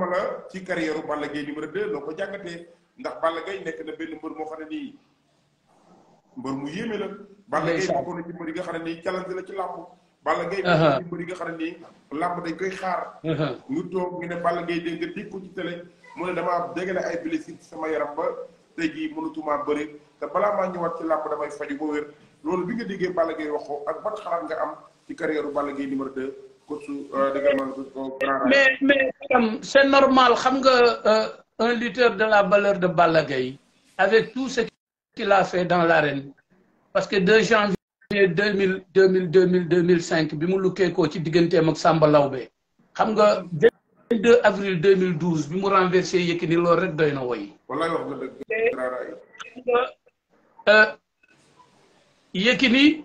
ma la ci carrière Balla Gaye numéro 2 loo ko jàngatee ndax Balla Gaye nekk na benn mbër moo xam ne nii mbër mu yéeme la. Balla Gaye bokkoon na ci mbër xam ne nii challenge la ci làmb. Balla Gaye bokkoon ci mbër yi nga xam ne nii làmb dañ koy xaar. ñu toog ñu ne Balla Gaye dégg nga dégg ko ci télé mu ne damaa dégg ay blessure sama yaram ba tey jii mënatumaa bëri te balaa maa ñëwaat ci làmb damay faju ba wér loolu bi nga déggee Balla Gaye wax ko ak ban xalaat nga am ci carrière Balla Gaye numéro 2. Euh, mais mais c'est normal euh, un lutteur de la valeur de avec tout ce qu'il a fait dans l'arène parce que 2 janvier 2000 2000 2005 bi ko ci ak Samba xam 22 avril 2012 bi mu rek euh, bi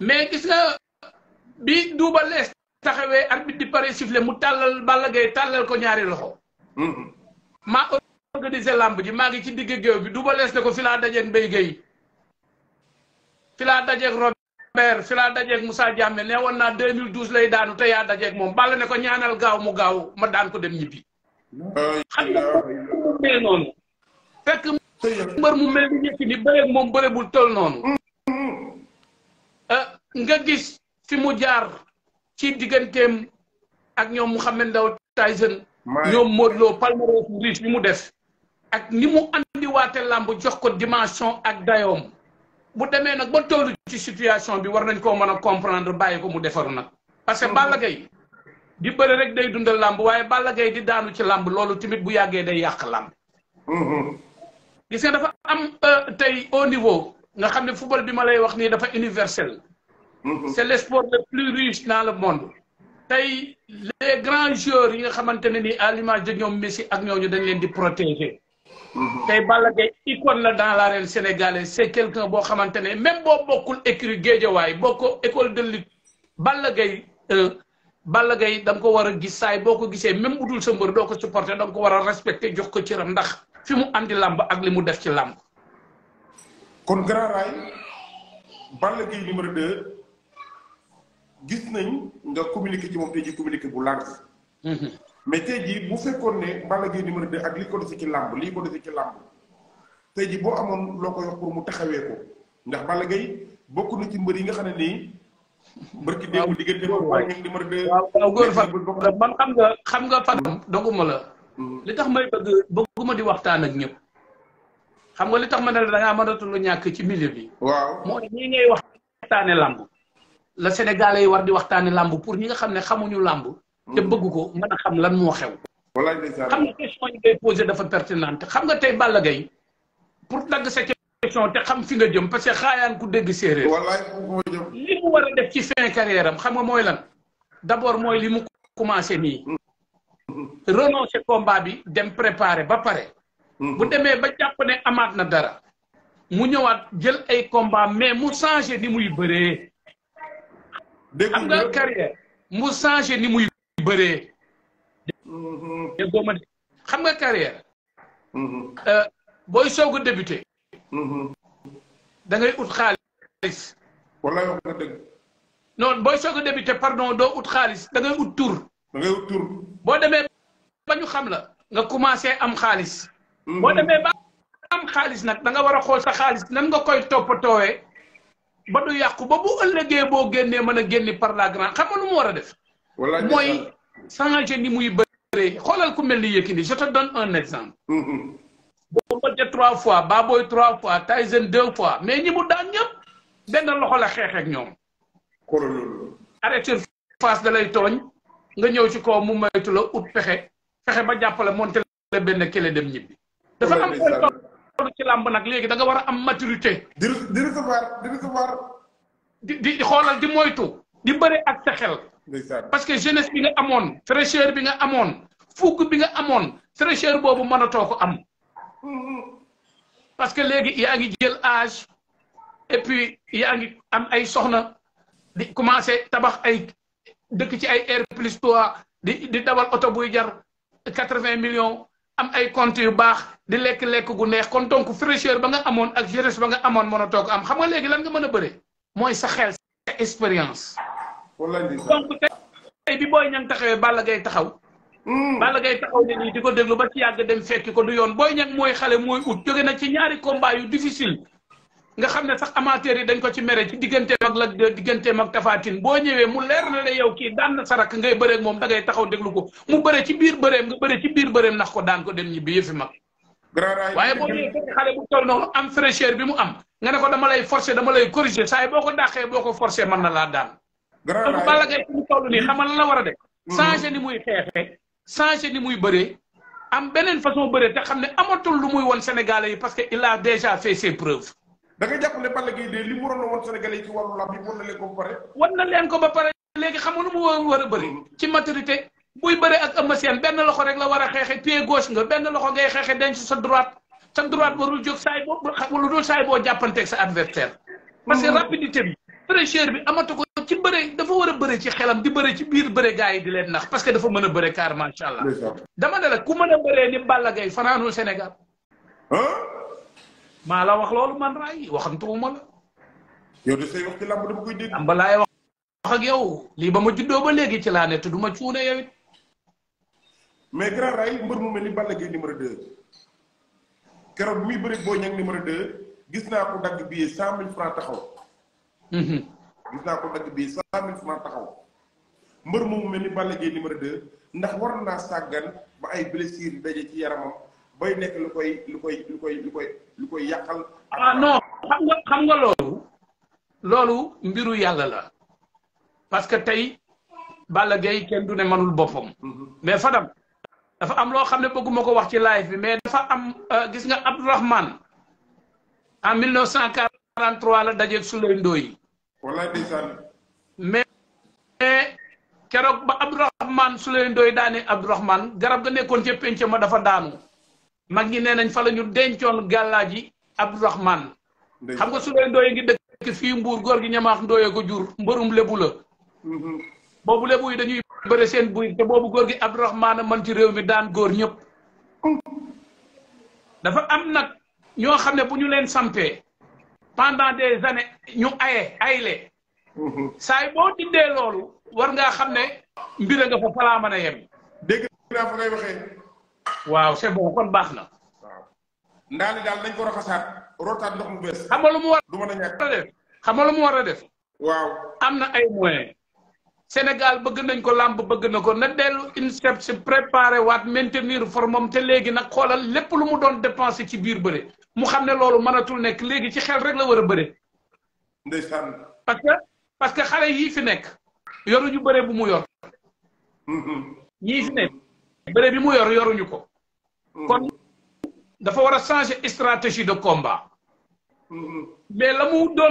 mais gis nga bi duba les taxawé arbitre di pare sifflé mu talal Balla gay talal ko ñaari loxo mm-hmm. ma organiser lamb ji ma ngi ci digg geew bi duba les ne ko fi laa dajeeg Mbaye Gueye fi Robert fila dajé ak Moussa Diame ne woon 2012 lay daanu te yaa dajeeg moom Balla ne ko ñaanal gaaw mu gaaw ma daan ko dem ñibbi fekk mu mel ni ñëpp ni bëreeg mom bëre bul tol nonu nga gis fi mu jaar ci digganteem ak ñoom Mouhamed xam Tyson ñoom Modou Lo palmarès bu bi mu def ak ni mu andiwaate làmb jox ko dimension ak dayoom bu demee nag ba tollu ci situation bi war nañ koo mën a comprendre bàyyi ko mu defaru nag parce que Balla Gaye di bëri rek day dundal làmb waaye Balla Gaye di daanu ci làmb loolu tamit bu yàggee day yàq làmb mm-hmm. gis nga dafa am euh, tey au niveau nga xam ne football bi ma lay wax nii dafa universel Mhm. c'est le sport le plus riche dans le monde. tey les grands joueurs yi nga xamante ne ni à l'image de ñoom Messi ak ñooñu dañ leen di protéger. Mhm. tey Balla Gaye icône la dans l'arène sénégalaise c'est quelqu'un boo xamante ne même boo bokkul écurie Guédiawaye boo ko école de lutte Balla Gaye euh, Balla Gaye da ko war a gis saay boo ko gisee même bu dul sa mbër doo ko supporter da nga ko wara a respecter jox ko cëram ndax fi mu andi làmb ak li mu def ci làmb. kon Grand Rail Balla Gaye numéro gis nañ nga communiquer ci moom tey ji communiquer bu large mhm. mais tey ji bu fekkoon ne Balla Gaye numéro 2 ak li ko defee ci lamb lii ko defee ci lamb tey ji boo amoon loo ko wax pour mu taxawee ko ndax Balla gay bokk na ci mbër yi nga xam ne nii mbërki démb diggante ba Balla Gaye numéro 2 waaw góor fa man xam nga xam nga fa mhm. doguma la mhm. li tax may bëgg bëgguma di waxtaan ak ñëpp xam nga li tax ma ne da ngaa lu ñàkk ci milieu bi waaw mooy ñii ngay waxtaane lamb la Sénégalais yi war di waxtaanee làmb pour ñi nga xam ne xamuñu làmb. te mm-hmm. bëgg ko mën a xam lan moo xew. xam nga question yi ngay posé dafa pertinente xam nga tey Balla Gaye pour dagg sa question te xam fi nga jëm parce que xaayaan ku dégg séeréer. li mu war a def ci fin carrière am xam nga mooy lan d'abord mooy li mu ko commencé nii. Mm-hmm. renoncer combat bi dem préparer ba pare. Mm-hmm. bu demee ba jàpp ne amaat na dara. mu ñëwaat jël ay combat mais mu changé ni muy bëree. xam nga carrière mu changé ni muy bëree. déggoo mm-hmm. ma nga carrière mm-hmm. euh, booy soog a débuté. Mm-hmm. da ut xaalis. wala wax nga dëgg. non booy soog a débuté pardon doo ut xaalis da ngay ut tur. da boo demee ba xam la. nga commencé am xaalis. boo demee ba am xaalis nag da nga war a xool sa xaalis nan nga koy toppatoowee. ba du yàqu ba bu ëllëgee boo génnee man a génni par la grande xam nga mu war a def. mooy changer ni muy bëree xoolal ku mel ni Yékini je te donne un exemple. boo motee trois fois Baboy trois fois Tyson deux fois mais ñi mu daan ñëpp benn loxo la xeex ak ñoom. loolu arrêté face da lay tooñ nga ñëw ci kaw mu maytu la ut pexe fexe ba jàppale monté la benn kële dem ñibbi. dafa am loolu ci làmb nag léegi da nga war am maturité. di di recevoir di recevoir. di di xoolal di moytu. di bëre ak sa xel. parce que jeunesse bi nga amoon. fraîcheur bi nga amoon. fukk bi nga amoon. fraîcheur boobu mënatoo ko am. parce que léegi yaa ngi jël âge. et puis yaa ngi am ay soxna. di commencé tabax ay dëkk ci ay air plus 3 di di dawal oto buy jar quatre millions. am ay comptes yu baax di lekk-lekk gu neex kon donc fraîcheur ba nga amoon ak jeunesse ba nga amoon mën a toog am xam nga léegi lan nga mën a bëre mooy sa xel sa expérience. donc tey bi booy ñang taxawee Balla gay taxaw. Hmm. Balla Gaye taxaw ne nii di ko déglu ba ci yàgg dem fekki ko du yoon booy ñang mooy xale mooy ut jóge na ci ñaari combat yu difficile. nga xam ne sax amateur yi dañ ko ci mere ci digganteem ak Lac boo ñëwee mu leer na la yow kii daan na sarak ngay bëree ak moom dangay taxaw déglu ko mu bëre ci biir bëreem nga bëre ci biir bëreem ko daan ko dem ñibbi yëfi mag. waaye boo ñëwee xale bu toll noonu am fraîcheur bi mu am nga ne ko dama lay forcer dama lay corriger saa boo ko dàqee boo ko forcer man na laa daan. grand rajo Balla Gaye mu toll nii xamal la war a def. Mm-hmm. changer ni muy xeexee changer ni muy bëree am beneen façon ne amatul lu muy won Sénégalais yi parce que a déjà da jàpp ne Balla Gaye de li mu waroon a woon Sénégalais yi ci wàllu làmb yi war na leen ko ba pare. war na leen ko ba pare léegi xam mu war a bëri ci maturité buy bëri ak a Sène benn loxo rek la war a xeexee pied gauche nga benn loxo ngay xeexe denc sa droite sa droite warul jóg saay boo wala dul saay boo jàppanteeg sa adversaire. parce que rapidité bi. bi amatu ko ci bëre dafa war a bëre ci xelam di bëre ci biir bëre gars yi di leen nax parce que dafa mën a bëri carrément macha allah. dama ne la ku mën a bëree ni Balla Gaye fanaanul Sénégal. maa la wax loolu man raay waxantuma la. yow de say wax ci làmb dama koy dégg. làmb laay wax ak yow lii ba ma juddoo ba léegi ci laa ne te duma ma cuune yow it. mais grand raay mbër mu mel ni Balla Gaye numéro 2 gis naa ko dagg billet cent mille taxaw. Mhm. gis naa ko dagg billet cent mille francs taxaw. mbër moomu mel ni ndax war naa sàggan ba ay blessures daje ci yaramam. bay nekk lu koy lu koy lu koy lu koy lu koy yàqal. ah xam nga loolu. loolu mbiru yàlla la. parce que tey bala Gaye kenn du ne manul boppam. Mhm. mais Fadam dafa am loo xam ne bëgguma ko wax ci live bi mais dafa am euh, gis nga Abdourahmane en 1943 la dajeeg Souley Ndoye. walaay ndeysaan. mais keroog ba Abdourahmane Souley Ndoye daane Abdourahmane garab ga nekkoon ca penc ma dafa daanu. mag ñi nee nañ fa la ñu dencoon gàllaaji Abdourahman xam nga su dee ngi dëkk fii mbuur góor gi ñamaax ndooye ko jur mbërum lébu la mm-hmm. boobu lébu yi dañuy bëre seen buy te boobu góor gi Abdourahman man ci réew mi daan góor ñëpp dafa am nag ñoo xam ne bu ñu leen sampee pendant des années ñu aye ayle mm-hmm. saay boo dindee loolu war ngaa xam ne mbir a nga fa falaa a yem dégg naa waaw c'est bon kon baax na. waaw ndaal li daal nañ ko raxasaat rotaat ndox mu bees. xam nga lu mu war a def xam nga lu mu war a def. waaw am na ay moyens. Sénégal bëgg nañ ko làmb bëgg na ko na dellu INSEP si préparé waat maintenir moom te léegi nag xoolal lépp lu mu doon dépensé ci biir bëre mu xam ne loolu mënatul nekk léegi ci xel rek la war a bëre. ndeysaan. parce que parce que xale yii fi nekk yoruñu bëre bu mu yor. ñii mm-hmm. nekk. bëre bi mu yor yoruñu ko. Mm-hmm. kon dafa war a changer stratégie de combat. Mm-hmm. mais la mu doon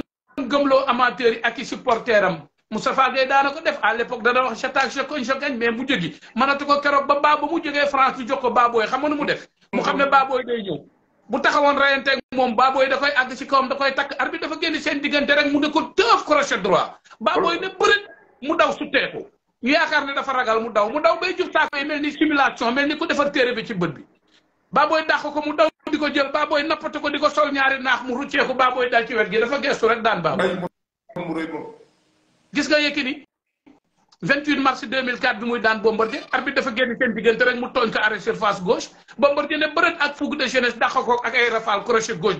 gëmloo amateur yi ak i supporter am Moustapha Gueye daana ko def à l'époque dana wax j'attaque je cogne je mais mu jógi mënatu ko keroog ba baa ba mu jógee France ñu jox ko baabooy xam nga nu mu def. mu xam ne mm-hmm. baabooy day ñëw. bu taxawoon reyanteeg moom baabooy da koy àgg si kawam da koy takk arbitre dafa génn seen diggante rek mu ne ko tëf crochet droit. baabooy ne bëreet mu daw sutteeku. ñu yaakaar ne dafa ragal mu daw mu daw bay jub saako yi mel ni simulation mel ni ku defar téere bi ci bët bi baa booy ko mu daw di ko jël baa nappatu ko di ko sol ñaari naax mu rucceeku baa booy dal ci wet gi dafa gestu rek daan baa booy gis nga Yékini 28 mars 2004 bi muy daan Bombardier arbitre dafa génn seen diggante rek mu tooñ ko arrêt surface gauche Bombardier ne bërët ak fougue de jeunesse dàq ko ak ay rafale crochet gauche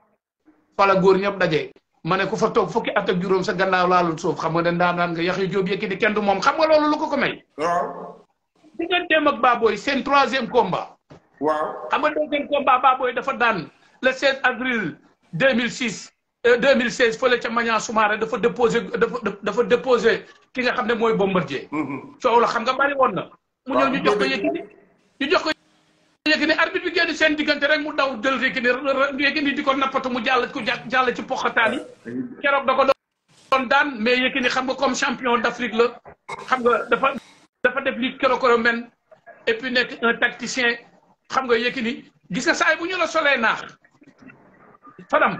fala góor ñëpp daje ma ne ku fa toog fukki at ak juróom sa gannaaw laalul suuf xam nga ne ndaanaan nga yax yu jóob yëkki ni kenn du moom xam nga loolu lu ko ko may. waaw. digganteem ak Baboy seen troisième combat. waaw xam nga deuxième combat Baboy dafa daan le 16 avril euh, déposé dafa ki nga xam ne mooy je mhm. coow la xam nga bari woon na. mu ñëw ñu jox ko yëkkati Yékini arbitre bi génn seen diggante rek mu daw jël Yékini Yékini di ko nappatu mu jàll ku jàll ci poxataan yi keroog da ko doon daan mais Yékini xam nga comme champion d'Afrique la xam nga dafa dafa def li keroog keroog men et puis nekk un tacticien xam nga Yékini gis nga saay bu ñu a solee naax Fadam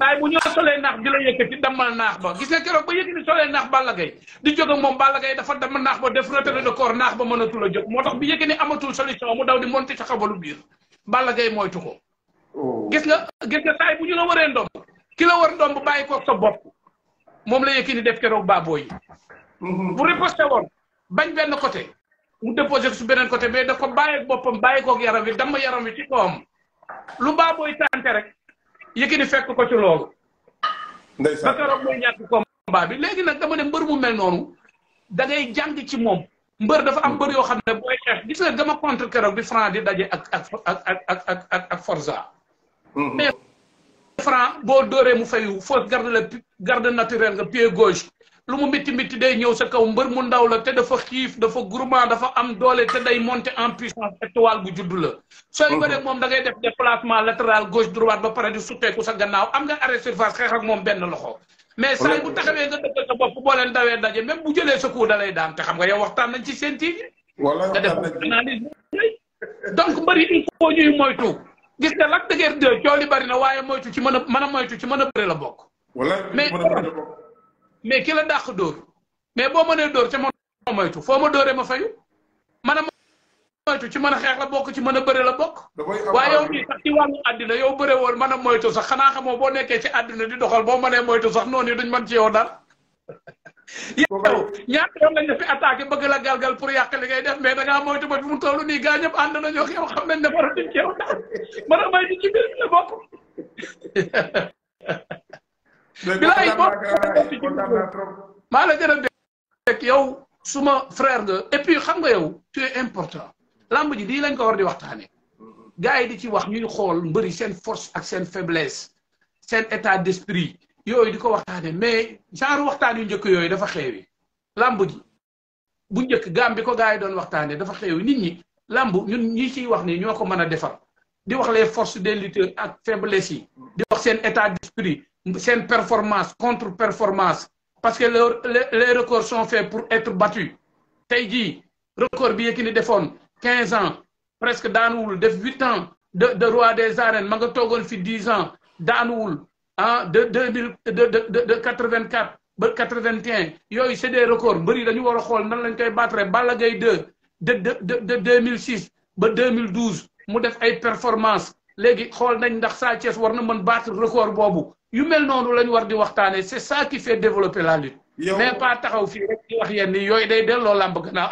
waaye bu ñoo solee naax bi la yëkkati dammal naax ba gis nga keroog ba yëkkati solee naax Balla Gaye di jóg moom Balla Gaye dafa damm naax ba def retrait de corps naax ba mënatul a jóg moo tax bi yëkkati amatul solution mu daw di monti sa xabalu biir Balla Gaye moytu ko. Oh. gis nga gis nga saay bu ñu waree ndomb ki la war ndomb bàyyi koog sa bopp moom la yëkkati def keroog baaboo yi. Mm-hmm. bu riposté woon bañ benn côté mu déposé su beneen côté mais da ko bàyyi boppam bàyyi koog yaram wi damm yaram wi ci kawam lu baaboo yi tànte rek. Yékini fekk ko ci loolu. ndeysaan ba keroog muy ñàkk combat bi léegi nag dama ne mbër mu mel noonu da ngay jàng ci moom. mbër dafa am mbër yoo xam ne booy xeex gis nga gama contre keroog bi Franc di daje ak ak ak ak forsa ak Forza. Mm-hmm. Franc boo dooree mu fayu fausse garde la garde naturelle nga pied gauche lu mu métti métti day ñëw sa kaw mbër mu ndaw la te dafa xiif dafa gourmand dafa am doole te day monter en puissance étoile bu juddu la. sooy mhm. ba rek moom da ngay def déplacement latéral gauche droite ba pare di sutteeku sa gannaaw am nga arrêt surface xeex moom benn loxo. mais saa bu taxawee nga dëggal sa bopp boo leen dawee daje même bu jëlee sa coup da lay daan te xam nga yow waxtaan nañ ci seen TV. wala nga def analyse donc mbëri il faut ñuy moytu. gis nga Lac de Guiers 2 coow li bari na waaye moytu ci mën a mën a moytu ci mën a bëri la bokk. wala mais mais ki la dàq dóor mais boo mënee dóor ca moom moytu foo ma dóoree ma fayu man a moytu ci mën a xeex la bokk ci mën a bëre la bokk waaye yow nii sax ci wàllu àddina yow bëre woon mën a moytu sax xanaa xamoo boo nekkee ci àddina di doxal boo manee moytu sax noonu yi duñ man ci yow dara yow ñaata yoon lañ la fi attaqué bëgg la galgal pour yàq li ngay def mais da ngaa moytu ba fi mu toll nii gaa ñëpp ànd nañoo yow xam nañ ne war a duñ ci yow dara mën a moytu ci biir la bokk bilaay maa la gën a dégg yow suma frère nga et puis xam nga yow tu es important lamb ji lii lañ ko war di waxtaane gars yi di ci wax ñuy xool mbëri seen force ak seen faiblesse seen état d'esprit yooyu di ko waxtaane mais genre waxtaan yu njëkk yooyu dafa xeewi làmb ji bu njëkk gaam bi ko gars yi doon waxtaane dafa xeewi nit ñi làmb ñun ñi ciy wax ni ñoo ko mën a defar di wax les force des lutteurs ak faiblesse yi di wax seen état d'esprit c'est une performance, contre-performance. Parce que les records sont faits pour être battus. Taïdi, record qui nous défend, 15 ans, presque Danoul, 8 ans de, roi des arènes, Togon 10 ans, Danoul, ah, de, de, de, C'est des records. Bri, nous avons dit que nous battre battu Balagay 2 de, de, de, 2006 2012. Nous des records. nous record c'est ça qui fait développer la lutte. mais pas en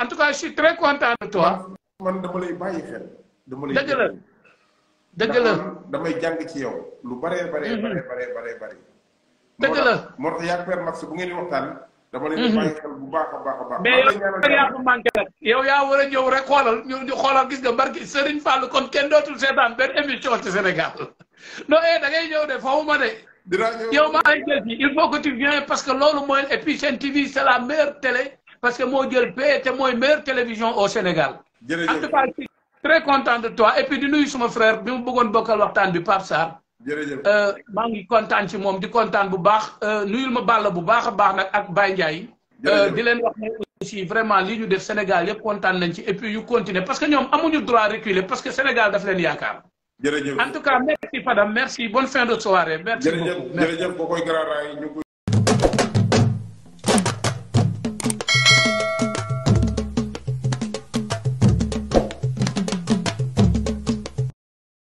tout cas je suis très content de toi. il faut que tu viennes parce que loolu et puis une TV c'est la meilleure télé parce que moo jël paie te meilleure télévision au Sénégal. Je en très content de toi et puis de nous mon frère bi mu de de waxtaan bi Pape Sar. jërëjëf de content je ci content di content bu baax euh, nuyul ma Balla bu baax baax nag ak Baye Ndiaye. Euh, di wax aussi vraiment li ñu def Sénégal suis content nañ ci et puis yu continuer parce que nous avons le droit de reculer parce que Sénégal daf leen yaakaar. jërëjëf en tout cas merci Fadam merci bonne fin de soirée. merci beaucoup jërëjëf jërëjëf boo koy garaaraay ñu